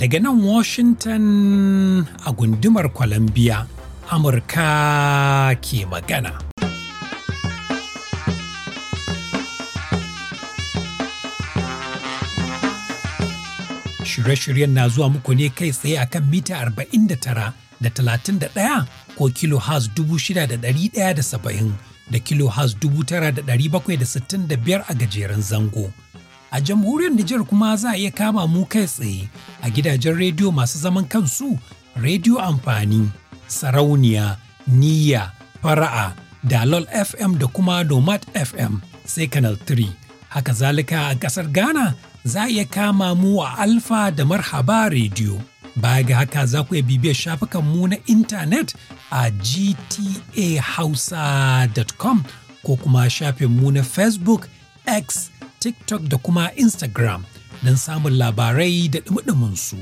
Daga nan Washington a gundumar Columbia, Amurka ke magana. Shirye-shiryen na zuwa muku ne kai tsaye a kan mita 49 da da talatin ɗaya ko kilo has saba'in. da kilo dubu tara da da bakwai sittin da biyar a gajeren zango. A jamhuriyar Nijar kuma za a iya kama mu kai tsaye a gidajen rediyo masu zaman kansu, rediyo amfani, sarauniya, niyya, fara'a, dalol FM da kuma nomad FM sai kanal 3. Haka zalika a ƙasar Ghana za a iya kama mu a Alfa da Marhaba rediyo. Baya ga haka za ku iya shafukan mu na intanet a gtahausa.com ko kuma shafin mu na Facebook, X, TikTok da kuma Instagram don samun labarai da su.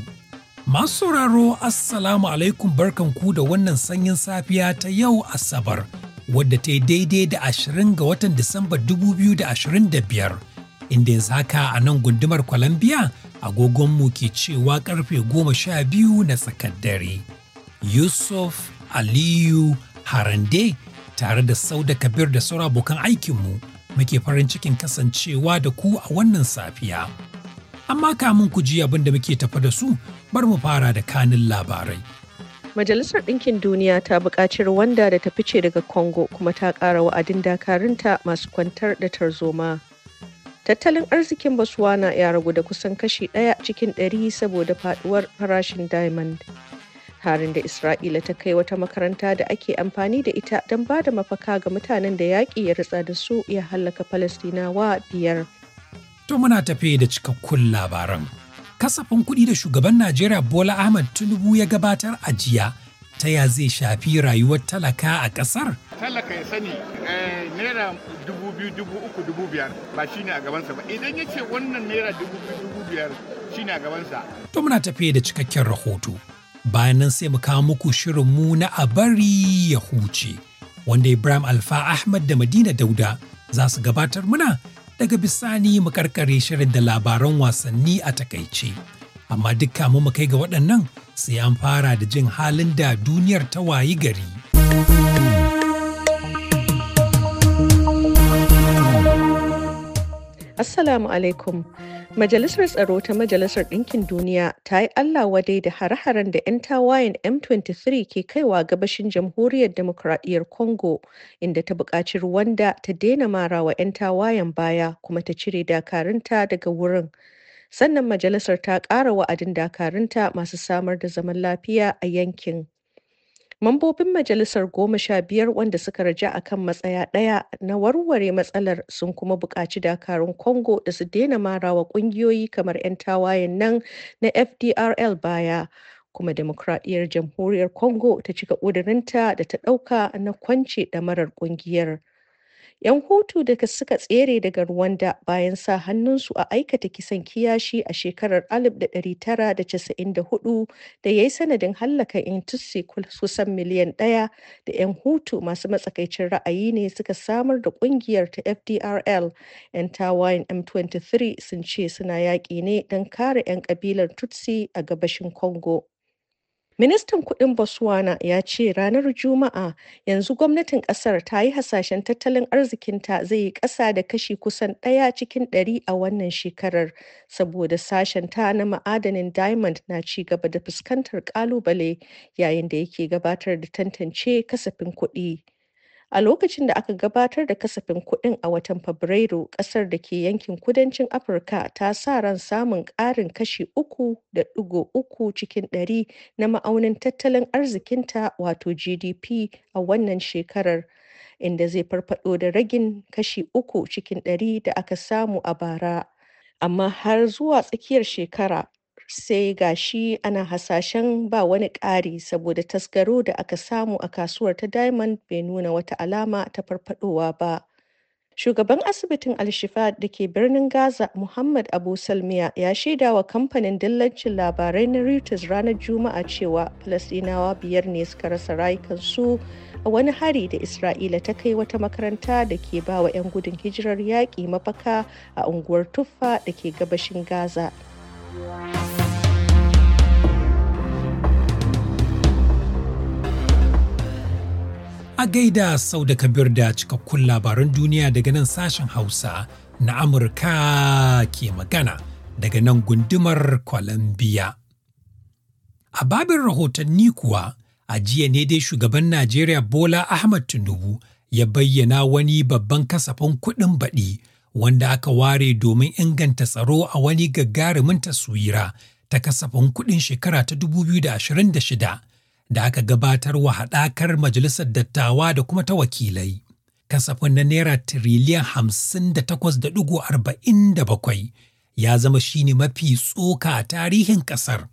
Masu sauraro Assalamu alaikum barkan ku" da wannan sanyin safiya ta yau Asabar, wadda ta yi daidai da 20 ga watan Disamba 2025, inda yanzu haka a nan gundumar Columbia. agogonmu ke cewa karfe goma sha biyu na tsakar dare. Yusuf Aliyu Harande tare da Sauda Kabir da sauran abokan aikinmu muke farin cikin kasancewa da ku a wannan safiya. Amma kamun ku ji abin da muke tafa da su bar mu fara da kanin labarai. Majalisar Ɗinkin Duniya ta buƙaci Rwanda da ta fice daga Congo kuma ta ƙara wa'adin dakarunta masu kwantar da tarzoma. tattalin arzikin botswana ya ragu da kusan kashi ɗaya cikin ɗari saboda faduwar farashin diamond harin da isra'ila ta kai wata makaranta da ake amfani da ita don ba da mafaka ga mutanen da yaƙi ya ritsa da su ya hallaka falastinawa biyar to muna tafe da cikakkun labaran kasafin kuɗi da shugaban najeriya bola ahmad tinubu ya gabatar a jiya ta ya zai shafi rayuwar talaka a ƙasar? Talaka ya sani eh, naira dubu biyu dubu uku dubu biyar ba shi ne a gabansa ba idan ya ce wannan naira dubu biyu dubu biyar shi ne a gabansa. To muna tafiye da cikakken rahoto. Bayan nan sai mu kawo muku shirin mu na a bari ya huce wanda Ibrahim Alfa Ahmad da Madina Dauda za su gabatar muna daga bisani mu karkare shirin da labaran wasanni a takaice. amma dukka mu kai ga waɗannan sai an fara da jin halin da duniyar ta wayi gari. Assalamu alaikum. Majalisar Tsaro ta Majalisar Ɗinkin Duniya ta yi Allah wadai da hare-haren da 'yan tawayen M23 ke kaiwa gabashin Jamhuriyar Demokuraɗiyyar Congo, inda ta buƙaci ruwanda ta daina marawa 'yan tawayen baya kuma ta cire dakarunta daga wurin. sannan majalisar ta ƙara wa'adin dakarunta masu samar da zaman lafiya a yankin mambobin majalisar goma sha biyar wanda suka raja a kan matsaya ɗaya na warware matsalar sun kuma buƙaci dakarun congo da su daina marawa ƙungiyoyi kamar 'yan tawayen nan na fdrl baya kuma demokradiyyar jamhuriyar congo ta cika ƙudurinta da ta ɗauka na kwance ɗamarar ƙungiyar 'Yan Hutu da suka tsere daga Rwanda bayan sa hannunsu a aikata kisan kiyashi a shekarar 1994 da ya yi sanadin hallaka 'yan Tutsi kusan miliyan ɗaya da 'yan Hutu masu matsakaicin ra'ayi ne suka samar da ƙungiyar ta FDRL. 'Yan tawayen M23 sun ce suna yaƙi ne don kare 'yan ƙabilar Tutsi a gabashin Congo. Ministan kuɗin Botswana ya ce ranar Juma'a yanzu gwamnatin ƙasar ta yi hasashen tattalin arzikinta zai yi ƙasa da kashi kusan ɗaya cikin ɗari a wannan shekarar saboda sashen ta na ma'adanin diamond na ci gaba da fuskantar ƙalubale yayin da yake gabatar da tantance kasafin kuɗi. A lokacin da aka gabatar da kasafin kuɗin a watan Fabrairu, ƙasar da ke yankin kudancin Afirka ta sa ran samun ƙarin kashi uku da 3.3 cikin ɗari na ma'aunin tattalin arzikinta wato GDP a wannan shekarar, inda zai farfaɗo da ragin kashi uku cikin ɗari da aka samu a bara. Amma har zuwa tsakiyar shekara, sai ga shi ana hasashen ba wani ƙari saboda tasgaro da aka samu a kasuwar ta diamond bai nuna wata alama ta farfadowa ba shugaban asibitin alshifa da ke birnin gaza muhammad abu salmiya ya shaida wa kamfanin dillancin labarai na reuters ranar juma'a cewa falasdinawa biyar ne suka rasa rayukansu a wani hari da isra'ila ta kai wata makaranta da ke ba wa 'yan gudun hijirar yaƙi mafaka a unguwar tuffa da ke gabashin gaza A gaida sau da kabir da cikakkun labaran duniya daga nan sashen Hausa na Amurka ke magana daga nan gundumar Columbia. A babin rahotanni kuwa, a jiya ne dai shugaban Najeriya Bola Ahmad Tinubu ya bayyana wani babban kasafin kuɗin baɗi wanda aka ware domin inganta tsaro a wani gagarumin taswira ta kasafin kuɗin shekara ta 2026 da aka gabatar wa haɗakar Majalisar Dattawa da kuma ta wakilai. Kasafin na Naira tiriliyan hamsin da takwas da dugu arba'in da bakwai ya zama shi ne mafi tsoka a tarihin ƙasar.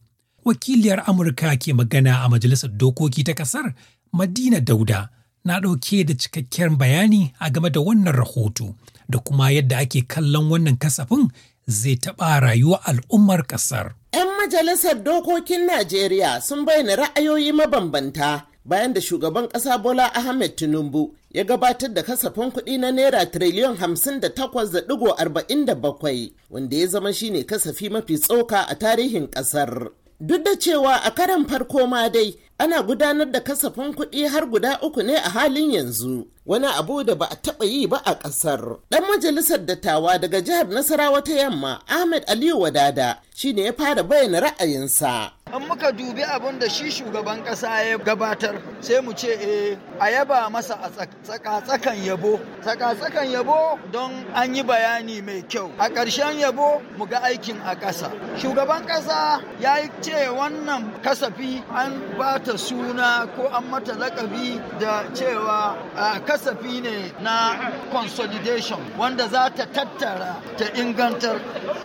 Wakiliyar Amurka ke magana a Majalisar Dokoki ta ƙasar Madina Dauda na ɗauke da cikakken bayani a game da wannan rahoto da kuma yadda ake kallon wannan kasafin zai taɓa rayuwar al'ummar ƙasar. 'Yan majalisar dokokin Najeriya sun bayyana ra'ayoyi mabambanta bayan da shugaban ƙasa Bola Ahmed Tinubu ya gabatar da kasafin kuɗi na Naira tiriliyon 58.47 wanda ya zama shine kasafi mafi tsoka a tarihin ƙasar. Duk da cewa a karan farko ma dai ana gudanar da kasafin kuɗi har guda uku ne a halin yanzu. Wani abu da ba a taɓa yi ba a ƙasar. Ɗan majalisar dattawa daga jihar Nasarawa ta yamma Ahmed Aliyu Wadada shi ne ya fara bayyana ra'ayinsa. in muka dubi abin da shi shugaban ƙasa ya gabatar sai mu ce e, a yaba masa a tsaka-tsakan yabo tsaka-tsakan yabo don an yi bayani mai kyau a ƙarshen yabo mu ga aikin a ƙasa shugaban ƙasa ya yi ce wannan kasafi an ba ta suna ko an mata lakabi da cewa a kasafi ne na consolidation wanda za ta tattara ta ingantar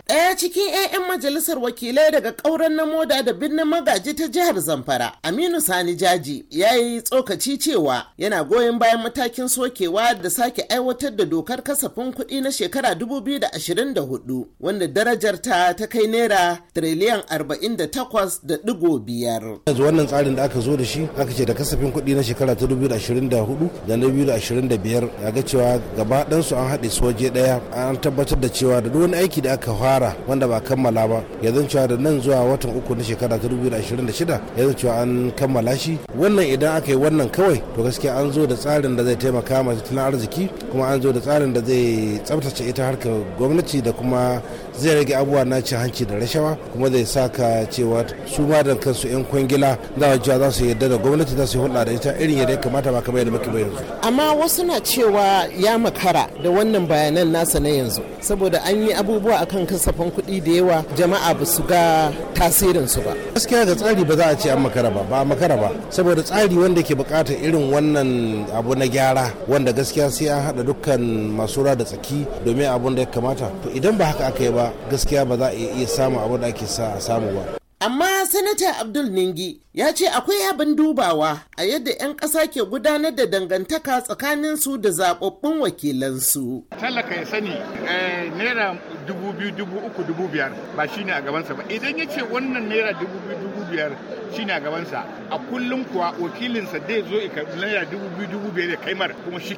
ɗaya cikin 'ya'yan majalisar wakilai daga ƙauren na moda da bin birnin magaji ta jihar zamfara aminu sani jaji ya yi tsokaci cewa yana goyon bayan matakin sokewa da sake aiwatar da dokar kasafin kuɗi na shekara 2024 wanda darajar ta ta kai naira triliyan 48.5 yanzu wannan tsarin da aka zo da shi aka ce da kasafin kuɗi na shekara ta 2024 da na 2025 ya ga cewa gaba su an haɗe soje ɗaya an tabbatar da cewa da duk wani aiki da aka fara wanda ba kammala ba ya zan cewa da nan zuwa watan uku na shekara 2026 ya cewa an kammala shi wannan idan aka yi wannan kawai to gaskiya an zo da tsarin da zai taimaka masu tattalin arziki kuma an zo da tsarin da zai tsabtace ita harkar gwamnati da kuma zai rage abubuwa na cin hanci da rashawa kuma zai sa ka cewa su ma da kansu 'yan kwangila za a za su yarda da gwamnati za su hulɗa da ita irin yadda ya kamata ba kamar yadda muke ba yanzu. amma wasu na cewa ya makara da wannan bayanan nasa na yanzu saboda an yi abubuwa akan kasafin kuɗi da yawa jama'a ba su ga tasirinsu ba gaskiya ga tsari ba za a ce an makara ba ba makara ba saboda tsari wanda ke bukatar irin wannan abu na gyara wanda gaskiya sai an hada dukkan masu da tsaki domin abun da ya kamata to idan ba haka aka yi ba gaskiya ba za a iya samun abu da ake sa samu ba Amma Sanata Abdul Ningi ya ce akwai abin dubawa a yadda 'yan ƙasa ke gudanar da dangantaka tsakanin su da zaɓaɓɓun wakilansu. Talaka ya sani eh, naira dubu biyu dubu uku dubu biyar ba shine a gabansa ba idan ya ce wannan naira dubu biyu dubu biyar shine a gabansa a kullum kuwa wakilinsa zai zo ika naira dubu biyu dubu biyar ya kaimar kuma shi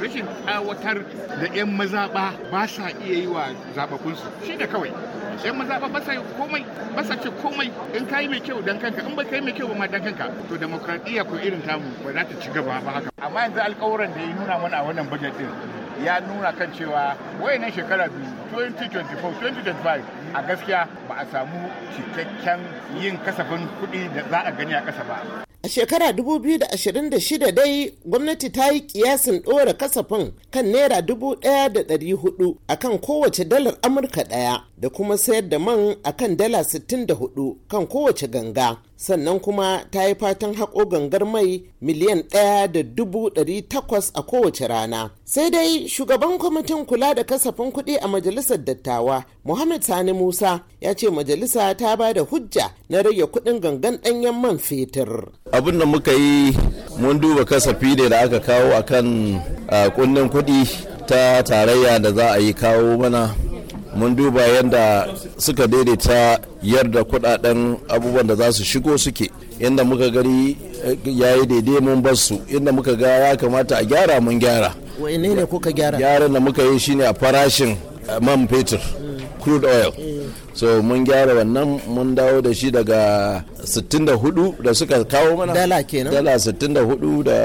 rashin tsawatar da 'yan mazaɓa ba sa iya yi wa zaɓaɓɓunsu shi da kawai 'yan mazaɓa ba sa komai ba sa ce komai in in kai mai kyau dan kanka in ba kai mai kyau ba ma dan kanka to demokradiyya ko irin tamu ba za ta ci gaba ba haka amma yanzu alkawuran da ya nuna mana a wannan budget din ya nuna kan cewa wayannan shekara biyu 2024-2025 a gaskiya ba a samu cikakken yin kasafin kuɗi da za a gani a kasa ba. A shekara 2026 dai gwamnati ta yi kiyasin ɗora kasafin kan naira 1,400 a kan kowace dalar Amurka ɗaya. da kuma sayar da man a kan dala 64 kan kowace ganga sannan kuma ta yi fatan haƙo gangar mai miliyan ɗaya da dubu takwas a kowace rana sai dai shugaban kwamitin kula da kasafin kuɗi a majalisar dattawa muhammad sani musa ya ce majalisa ta ba da hujja na rage kuɗin gangan ɗanyen man fetur abin da muka yi mun duba kasafi ne da aka kawo kan kundin kuɗi ta tarayya da za a yi kawo mana mun duba yadda suka daidaita yarda kudaden abubuwan da za su shigo suke inda muka gari eh, ya yi daidai mun basu inda muka ga ya kamata a gyara mun gyara ne kuka gyara gyaran da muka yi shine a farashin eh, man fetur mm. crude oil mm. so mun gyara wannan mun dawo da shi daga 64 da suka kawo mana dala kenan dala 64 da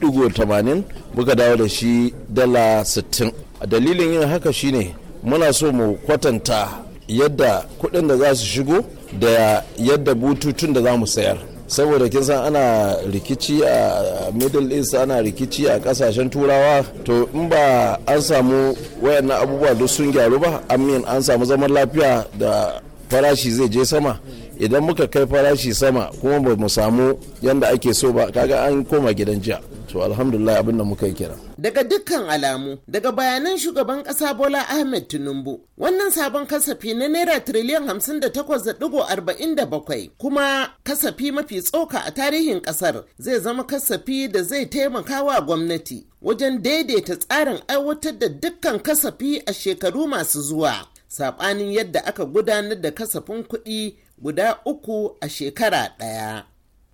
digo 80 muka dawo da shi dala 60 dalilin yin haka shine muna so mu kwatanta yadda kuɗin da za su shigo da yadda bututun da za mu sayar saboda kin san ana rikici a middle east ana rikici a kasashen turawa to in ba an samu wayannan abubuwa duk sun gyaru ba amin an samu zaman lafiya da farashi zai je sama idan muka kai farashi sama kuma ba mu samu yadda ake so ba kaga an koma gidan jiya to alhamdulillah abin da muka yi kenan daga dukkan alamu daga bayanan shugaban ƙasa bola ahmed tinubu wannan sabon kasafi na naira triliyan hamsin da bakwai kuma kasafi mafi tsoka a tarihin ƙasar zai zama kasafi da zai taimaka wa gwamnati wajen daidaita tsarin aiwatar da dukkan kasafi a shekaru masu zuwa saɓanin yadda aka gudanar da kasafin kuɗi guda uku a shekara ɗaya.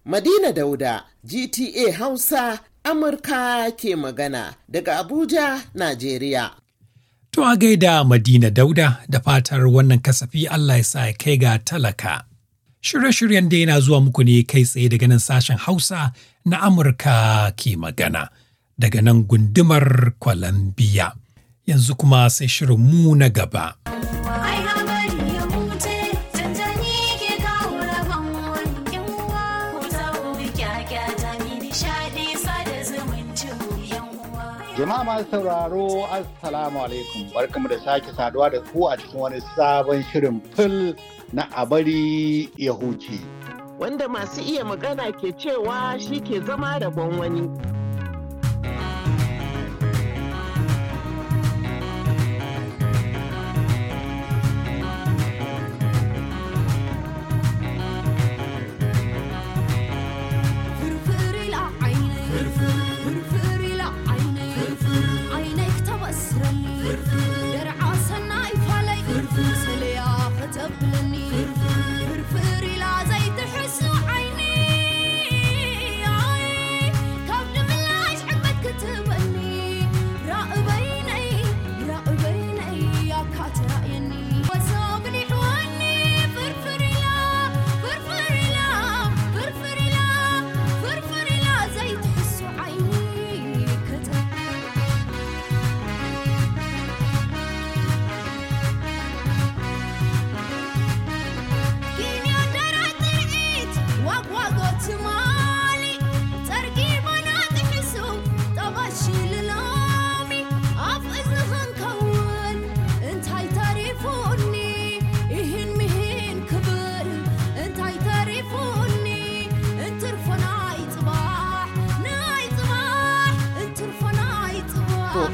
Madina Dauda, GTA Hausa Amurka ke magana daga Abuja, Najeriya. To a gaida Madina Dauda da fatar wannan kasafi Allah ya sa ya kai ga talaka. Shirye-shiryen da yana zuwa muku ne kai tsaye daga nan sashen Hausa na Amurka ke magana daga nan gundumar Columbia. Yanzu kuma sai shirin mu na gaba. Jama'a masu sauraro, Assalamu alaikum, barkamu da sake saduwa da ku a cikin wani sabon shirin fil na abari ya huce. Wanda masu iya magana ke cewa shi ke zama da wani.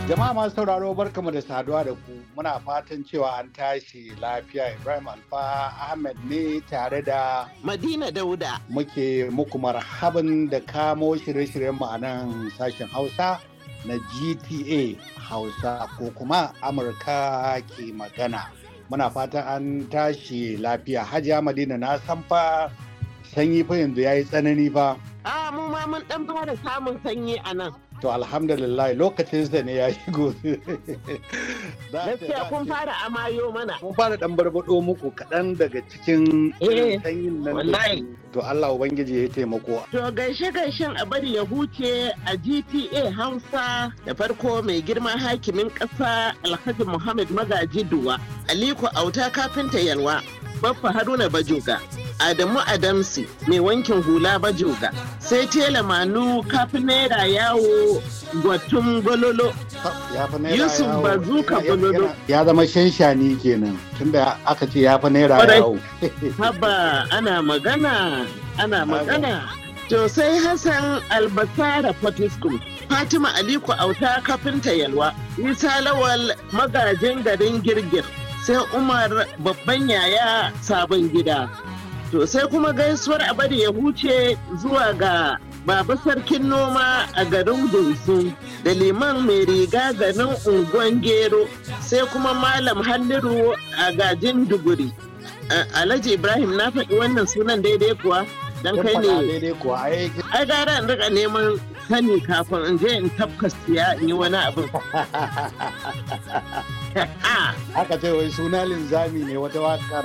jama'a masu sauraro barkamu da saduwa da ku muna fatan cewa an tashi lafiya ibrahim alfa ahmed ne tare da madina dauda muke muku marhaban da kamo shirye-shiryen mu a sashen hausa na gta hausa ko kuma amurka ke magana muna fatan an tashi lafiya hajiya madina na san fa sanyi fa yanzu ya yi tsanani fa a ah, mu ma mun dan da samun sanyi a nan to alhamdulillah lokacin sa ne ya yi gobe gaskiya kun fara amayo mana kun fara dan barbado muku kaɗan daga cikin eh. sanyin nan to Allah ubangiji ya taimako to gaishe gaishen a bari ya huce a GTA Hausa da farko mai girma hakimin ƙasa Alhaji Muhammad Magaji Duwa Aliko Auta kafinta Yalwa Baffa Haruna Bajoga Adamu Adamsi mai wankin hula bajoga sai tela manu kafin naira yawo gwatun gololo Yusuf Bazuka gololo ya zama shanshani kenan tunda aka ce ya fi naira yawo haba ana magana ana magana Josai Hassan Albasara Potiskum Fatima Aliko Auta kafinta Yalwa Isa Lawal magajin garin Girgir sai Umar babban yaya sabon gida To sai kuma gaisuwar abari ya huce zuwa ga Baba Sarkin Noma a garin Dunsu da liman mai riga ganin unguwan Gero sai kuma Malam Halliru a gajin Duguri. Alhaji Ibrahim na faɗi wannan sunan daidai kuwa? don kai ne ai gara in rika neman sani kafin in je in tafka siya in yi wani abin haka ce wai suna linzami ne wata wakar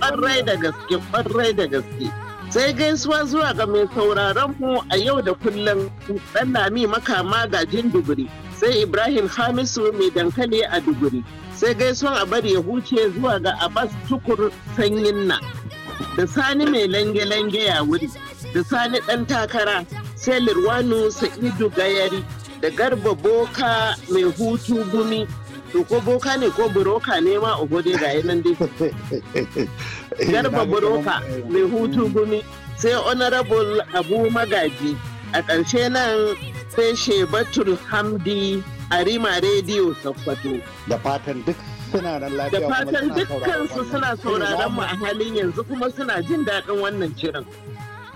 ɓarrai da gaske ɓarrai da gaske sai gaisuwa zuwa ga mai sauraron mu a yau da kullum dan lami makama gajin duguri sai ibrahim hamisu mai dankali a duguri sai gaisuwan a bari ya huce zuwa ga abbas tukur sanyin na da sani mai lange-lange ya wuri da sani ɗan takara sai lirwanu sa'idu gayari da garba boka mai hutu gumi to ko boka ne ko buroka ne ma gode ga nan dai garba buroka mai hutu gumi sai honorable abu magaji a ƙarshe nan sai shebatul hamdi a rima rediyo sakwato da fatan duk suna nan lafiya da fatan dukkansu suna sauraron mu a halin yanzu kuma suna jin daɗin wannan shirin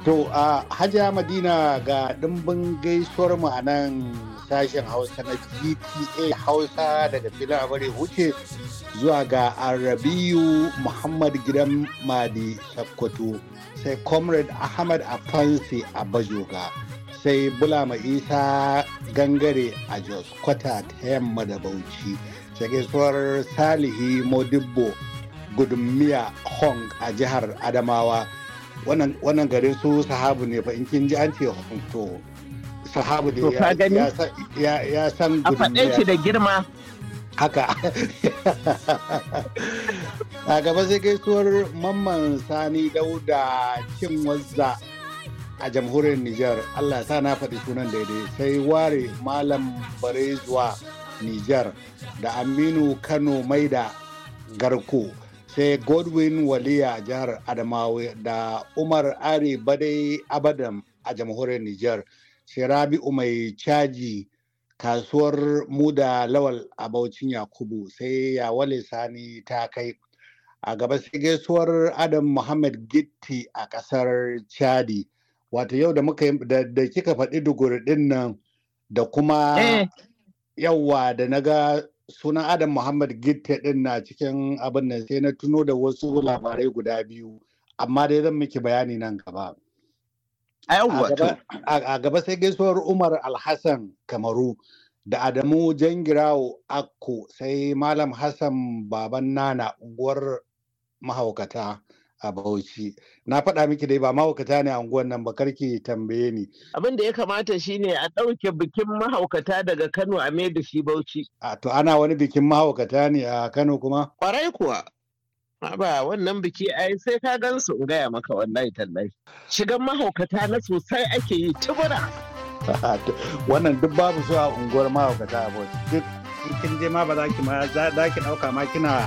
to a hajiya madina ga ɗimbin gaisuwar mu a nan sashen hausa na gta hausa daga filin abare huce zuwa ga arabiyu muhammad gidan madi sakkwato sai comrade ahmad afansi a bajoga sai bulama isa gangare a jos kwata ta yamma da bauchi da gaisuwar salihi modibbo gudummiya hong a jihar adamawa wannan garin su sahabu ne fa in kin ji an ce hong to sahabu ne ya san gudummiya shi da girma haka a gaba sai gaisuwar mamman sani dauda cin wazza a jamhuriyar niger allah sa na faɗi sunan daidai sai ware malam bare zuwa Nijar da Aminu Kano Maida Garko sai Godwin Waliya jihar Adamawa da Umar Ari Badai Abadam a jamhuriyar Nijar sai Rabi'u mai caji kasuwar muda lawal a bauchin Yakubu sai Yawale Sani ta kai a gaba sai gaisuwar Adam Muhammad Gitti a kasar Chadi. Wato yau da da kika faɗi dugur ɗin nan da kuma eh, yawwa da na ga sunan adam muhammad gitte din na cikin abin nan sai na tuno da wasu labarai guda biyu amma dai zan miki bayani nan gaba a gaba sai gaisuwar umar alhassan kamaru da adamu jangirawo akko sai malam hassan baban nana unguwar mahaukata a bauchi na faɗa miki dai ba mahaukata ne a unguwan nan ba karki tambaye ni abin da ya kamata shine a ɗauke bikin mahaukata daga Kano a maida shi Bauchi a to ana wani bikin mahaukata ne a Kano kuma kwarai kuwa ba wannan biki ai sai ka gansu in gaya maka wallahi tallahi shigan mahaukata na sosai ake yi tubura wannan duk babu su a unguwar mahaukata a duk kin je ma ba za ki ma za ki dauka ma kina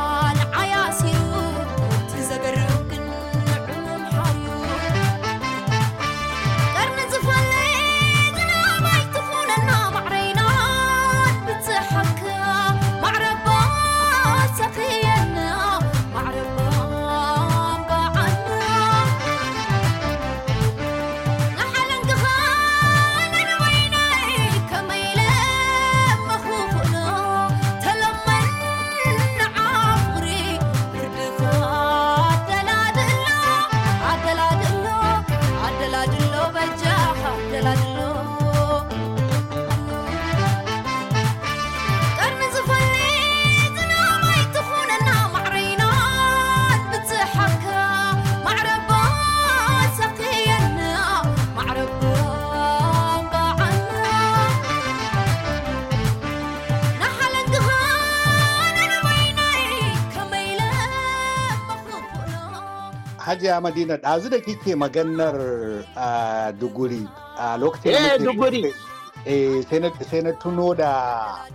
madina ɗazu da kike maganar a duguri a lokacin da eh, duguri eh sai na tuno da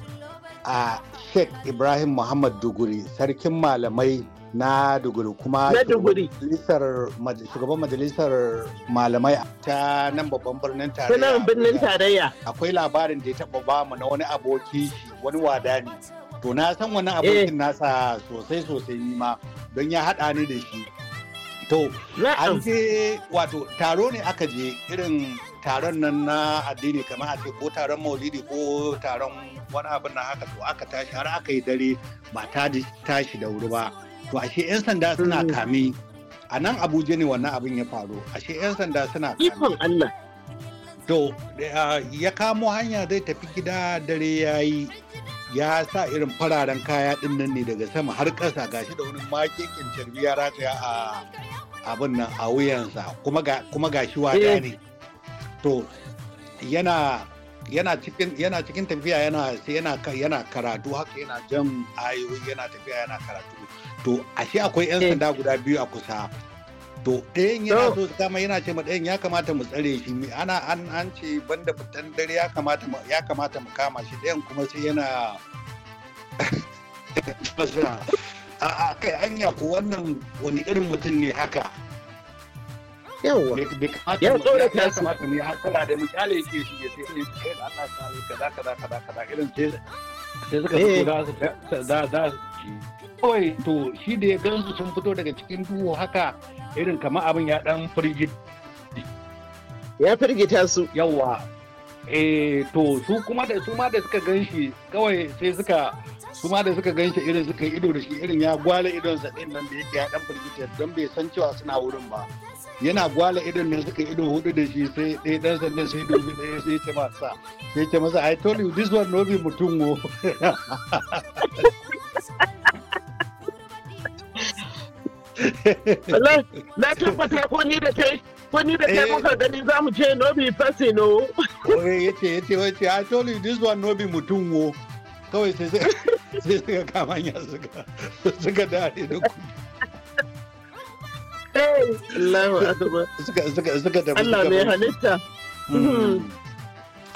a sheikh ibrahim muhammad duguri sarkin malamai na duguri kuma shugaban majalisar malamai ta nan babban birnin tarayya akwai labarin da ya taba bamu na wani aboki wani wada ne to na san wani eh. abokin nasa sosai sosai ma don ya haɗa ni da shi To, an je wato taro ne aka je irin taron nan na addini kamar a ce ko taron maulidi ko taron wani abin na haka to aka tashi har aka yi dare ba ta tashi da wuri ba. To ashe 'yan sanda suna mm. kame a nan Abuja ne wannan abin ya faru ashe 'yan sanda suna kame. Allah. To eh, ya kamo hanya zai tafi gida dare ya yi ya sa irin fararen kaya din nan ne daga sama har ƙasa gashi da wani makekin carbi ya rataya a abin nan a wuyansa kuma gashi wada eh. ne to yana yana cikin yana cikin tafiya yana yana yana karatu haka yana jan ayoyi yana tafiya yana karatu to ashe akwai yan eh. sanda guda biyu a kusa to ɗayan yana so su kama yana ce ma ɗayan ya kamata mu tsare shi ana an an ce banda fitan dare ya kamata ya kamata mu kama shi ɗayan kuma sai yana a kai anya ko wannan wani irin mutum ne haka yawa kawai to shi da ya gansu sun fito daga cikin duhu haka irin kamar abin ya dan firgit ya firgita su yawa eh to su kuma da su ma da suka gan shi kawai sai suka su ma da suka gan shi irin suka ido da shi irin ya gwala idon sa din nan da yake ya dan firgita don bai san cewa suna wurin ba yana gwala idon ne suka ido hudu da shi sai ɗaya dan sanda sai dubi ɗaya sai ce masa sai ce masa i told you this one no be mutum Na tabbata ko ni da kai ko ni da kai eh. muka gani za mu je nobi fasi no. Oye ce, yace ce. I told you this one nobi mutum wo. Kawai sai sai suka kamanya suka suka dare da ku. Eh. Allahu akbar. Suka suka suka da Allah mai halitta. Mm. Hmm.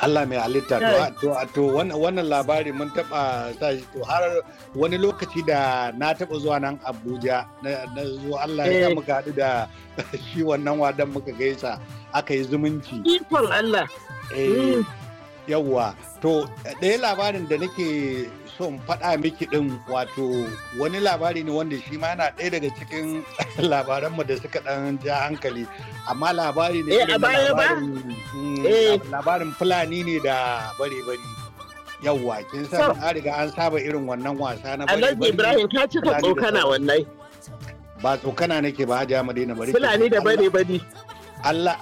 Allah mai halitta to wannan labari mun taba shi to har wani lokaci da na taba zuwa nan Abuja na zo Allah ya eh. muka haɗu da shi wannan wadan muka gaisa aka yi zumunci. Ikon Allah. Eh. Mm. yawwa to ɗaya labarin da nake son faɗa miki ɗin wato wani labari ne wanda shi ma yana ɗaya daga cikin labaranmu da suka ɗan ja hankali amma labari ne eh, mm, eh. labarin fulani ne da bare-bare yawwa kin san an riga an saba irin wannan wasa na bare-bare Alhaji Ibrahim ka cika tsokana wannan ba tsokana nake ba Hajiya bare bare fulani da bare-bare Allah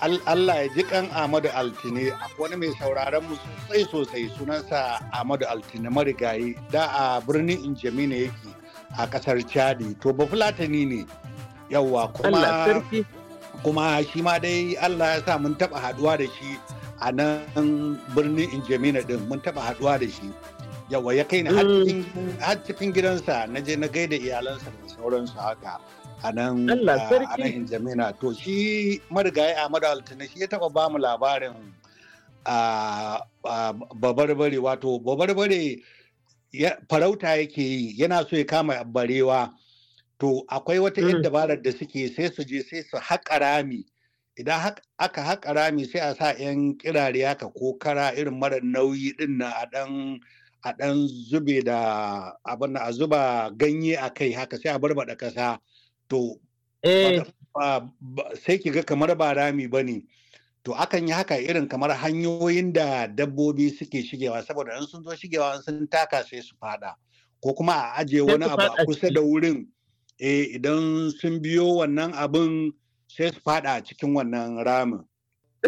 ya ji kan Ahmadu Altine wani mai sauraron mu sosai sosai sunansa Ahmadu Altine marigayi da a birnin ne yake a kasar Chadi to ba Fulatani ne yawwa kuma kuma shi ma dai Allah ya sa mun taba haduwa da shi a nan birnin Injami ne din mun taba haduwa da shi yawa ya kai ni mm. har cikin gidansa na je na gaida iyalansa da sauransu haka a nan Injamina. To shi marigayi Ahmadu Altine shi ya taba ba mu labarin babarbare wato babarbare farauta yake yi yana so ya kama barewa. To akwai wata yin mm. dabarar da suke sai su je sai su haƙa rami. Idan aka haƙa rami sai a sa 'yan kirare haka ko kara irin mara nauyi din na a ɗan a ɗan zube da abin a zuba ganye a kai haka sai a barbaɗa ƙasa to eh. sai ki ga kamar ba rami ba ne to akan yi haka irin kamar hanyoyin da dabbobi suke shigewa saboda in sun zo shigewa in sun taka sai su fada ko kuma a ajiye wani abu a kusa da wurin eh, idan sun biyo wannan abin sai su fada a cikin wannan ramin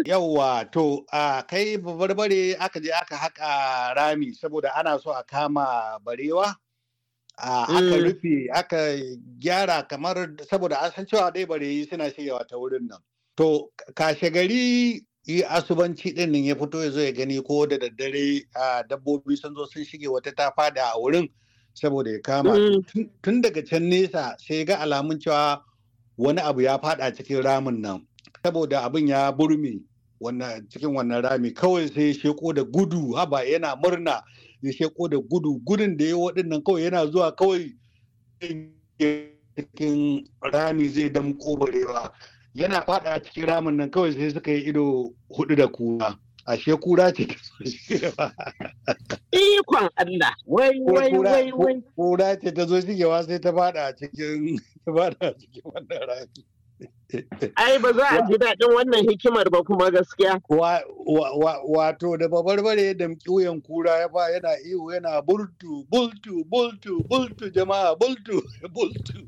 yawwa to a kai barbare aka je aka haƙa rami saboda ana so a kama barewa aka mm. rufe aka gyara kamar saboda asan cewa dai bare suna shigewa ta wurin nan to kashe gari asubanci din nan ya fito ya zo ya gani ko da daddare dabbobi sun zo sun shige wata ta fada a wurin saboda ya kama mm. tun daga can nesa sai ga alamun cewa wani abu ya fada cikin ramin nan saboda abin ya burme cikin wannan rami kawai sai sheko da gudu haba yana murna ya sheko da gudu gudun da ya waɗannan kawai yana zuwa kawai cikin rami zai dam barewa yana fada cikin ramin nan kawai sai suka yi ido hudu da kura ashe kura ce ta ikon Allah wai wai wai wai kura ce ta zo shigewa sai ta faɗa cikin ta fada cikin wannan rami Ai ba za a ji daɗin wannan hikimar ba kuma gaskiya. Wato da babarbare da ƙuyen kura ya ba yana iyo yana bultu bultu bultu bultu jama'a bultu bultu.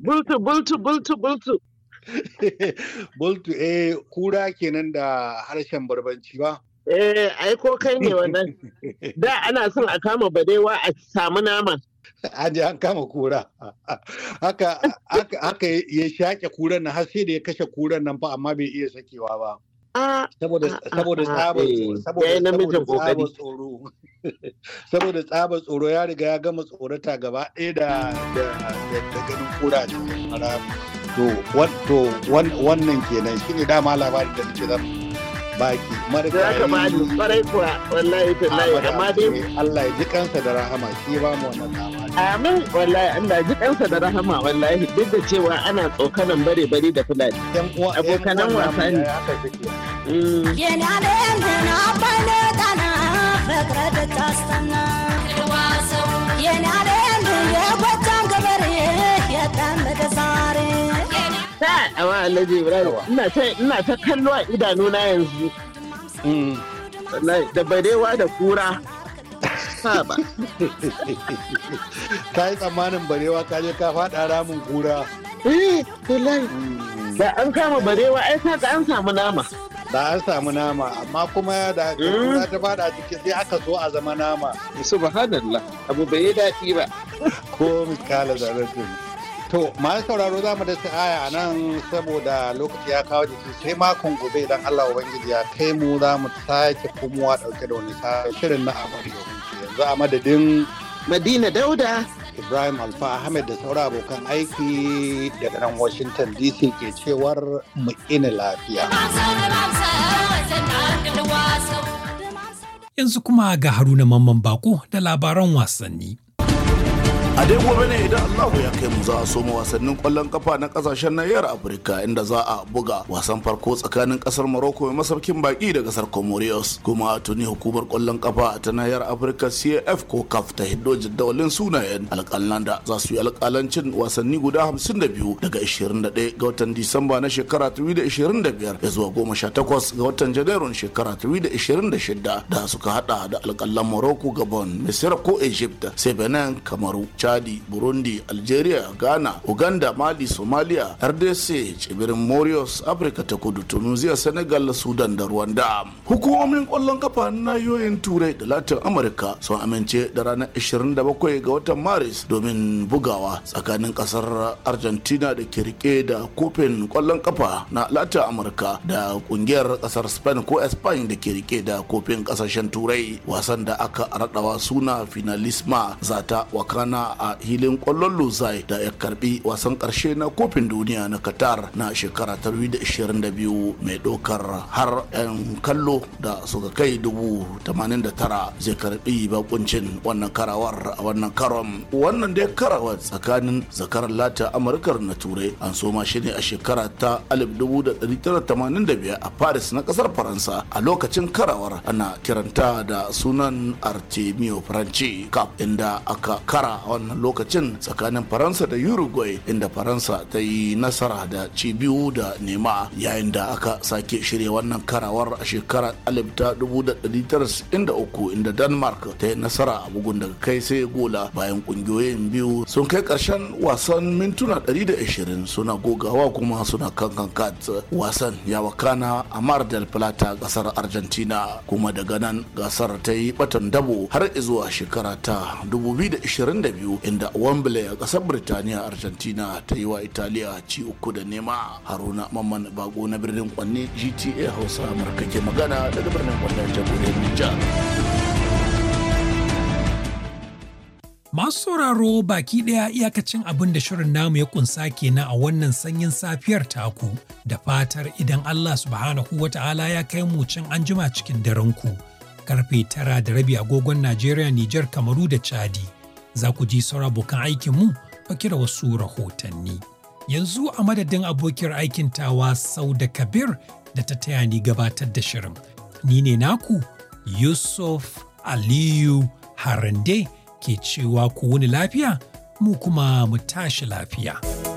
Bultu bultu bultu bultu. Bultu eh kura kenan da harshen barbanci ba. Eh ai ko kai ne wannan. Da ana son a kama badewa a samu naman. an an kama kura haka ya shaƙe kuran nan har sai da ya kashe kuran nan fa amma bai iya sakewa ba ah, saboda ah, ah, eh, saboda tsabar tsoro saboda tsabar tsoro ya riga ya gama tsorata gaba ɗaya da da ganin kura da to wannan kenan shine dama labarin da nake zama. baki marka ya bani kwarai kuwa wallahi tallahi ah, amma dai Allah ya ji kansa da rahama shi ba mu wannan dama amin wallahi Allah ya ji kansa da rahama wallahi duk da cewa ana tsokanan bare bare da fulani abokanan wasa ne mm. yana da yanda na bane kana fakar da tastana yana da amma alhaji ibrahim ina ta ina ta kallo a idanu na yanzu hmm. da barewa da kura ba ka yi tsammanin barewa ka je ka faɗa ramin kura eh wallahi hmm. da an kama barewa ai ka an samu nama da an samu nama amma kuma da eh. kura ta faɗa cikin sai aka so a zama nama subhanallah abu bai daɗi ba ko mikala zaratin To, masu sauraro za mu da aya a nan saboda lokaci ya kawo jiki sai makon gobe idan Allah Ubangiji ya kai mu za mu sake komowa ɗauke da wani shirin na amari yanzu a madadin Madina Dauda Ibrahim Alfa Ahmed da sauran abokan aiki daga nan Washington DC ke cewar mu ina lafiya. Yanzu kuma ga Haruna Mamman Bako da labaran wasanni. a dai gobe ne idan allahu ya kai mu za a soma wasannin kwallon kafa na kasashen nahiyar afirka inda za a buga wasan farko tsakanin kasar morocco mai masaukin baki da kasar comoros kuma tuni hukumar kwallon kafa ta nahiyar afirka caf ko caf ta hiddo jadawalin sunayen alkalan da za su yi alkalancin wasanni guda 52 daga 21 ga watan disamba na shekara 2025 ya zuwa 18 ga watan janairun shekara 2026 da suka hada da alkalan morocco gabon misira ko egypt sai benin kamaru chadi burundi algeria ghana uganda mali somalia rdc tsibirin morios afirka ta kudu tunisia senegal sudan da rwanda hukumomin kwallon kafa na nahiyoyin turai da latin amurka sun amince da ranar 27 ga watan maris domin bugawa tsakanin kasar argentina da ke rike da kofin kwallon kafa na latin amurka da kungiyar kasar spain ko spain da ke rike da kofin kasashen turai wasan da aka raɗawa suna finalisma zata wakana a hilin kwallon lozai da ya karbi wasan karshe na kofin duniya na qatar na shekara ta 2022 mai ɗaukar har 'yan kallo da suka kai 89 zai karbi bakuncin wannan karawar a wannan karon wannan dai karawar tsakanin zakarar lata amurkar na turai an soma shi ne a shekara ta 1985 a paris na kasar faransa a lokacin karawar ana kiranta da sunan artemio franci cup inda aka kara wannan lokacin tsakanin faransa da uruguay inda faransa ta yi nasara da ci biyu da nema yayin da aka sake shirya wannan karawar a shekarar 1993 inda uku. inda denmark ta yi nasara a bugun daga kai sai gola bayan kungiyoyin biyu sun kai karshen wasan mintuna 120 suna gogawa kuma suna kankan kat wasan ya wakana a mar del plata kasar argentina kuma daga nan gasar ta yi batan dabo har izuwa shekara ta 2022 biyu inda wembley a kasar birtaniya argentina ta yi wa italiya ci uku da nema haruna mamman bago na birnin kwanne gta hausa amurka ke magana daga birnin kwanne jamhuriyar nijar Masu sauraro baki ɗaya iyakacin abin da shirin namu ya kunsa kenan a wannan sanyin safiyar taku da fatar idan Allah subhanahu wa ta'ala ya kai mu can anjima cikin daren ku. Karfe tara da rabi agogon Najeriya, Nijar, Kamaru da Chadi. za ku ji sauran abokan aikinmu ɗauke da wasu rahotanni. Yanzu a madadin abokiyar aikin tawa sau da Kabir da ta taya ni gabatar da shirin. Ni ne naku Yusuf Aliyu Harande ke cewa ku wuni lafiya, mu kuma mu tashi lafiya.